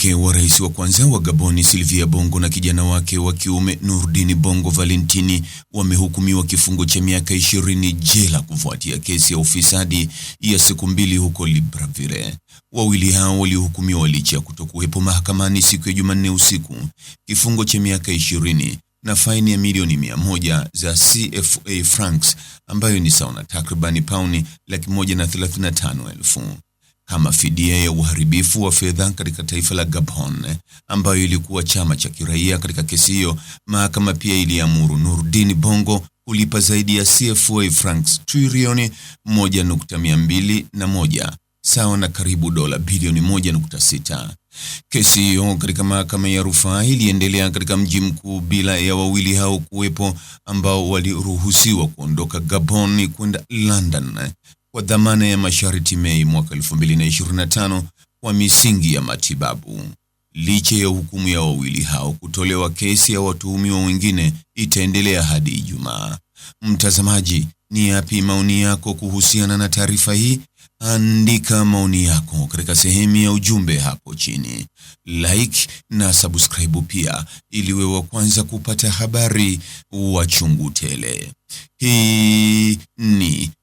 mke wa rais wa kwanza wa Gaboni sylvia Bongo na kijana wake wa kiume Nurdini Bongo Valentini wamehukumiwa kifungo cha miaka ishirini jela kufuatia kesi ya ufisadi ya siku mbili huko Libreville. Wawili hao walihukumiwa licha ya kutokuwepo mahakamani siku ya Jumanne usiku, kifungo cha miaka 20 na faini ya milioni mia moja za CFA francs ambayo ni sawa na takribani pauni laki moja na thelathini na tano elfu kama fidia ya uharibifu wa fedha katika taifa la Gabon, ambayo ilikuwa chama cha kiraia katika kesi hiyo. Mahakama pia iliamuru Nurdin Bongo kulipa zaidi ya CFA francs trilioni 1.201 sawa na karibu dola bilioni 1.6. Kesi hiyo katika mahakama ya rufaa iliendelea katika mji mkuu bila ya wawili hao kuwepo, ambao waliruhusiwa kuondoka Gabon kwenda London kwa dhamana ya masharti Mei mwaka 2025 kwa misingi ya matibabu. Licha ya hukumu ya wawili hao kutolewa, kesi ya watuhumiwa wengine itaendelea hadi Ijumaa. Mtazamaji, ni yapi maoni yako kuhusiana na taarifa hii? Andika maoni yako katika sehemu ya ujumbe hapo chini, like na subscribe pia, ili wewe wa kwanza kupata habari wa chungu tele. Hii ni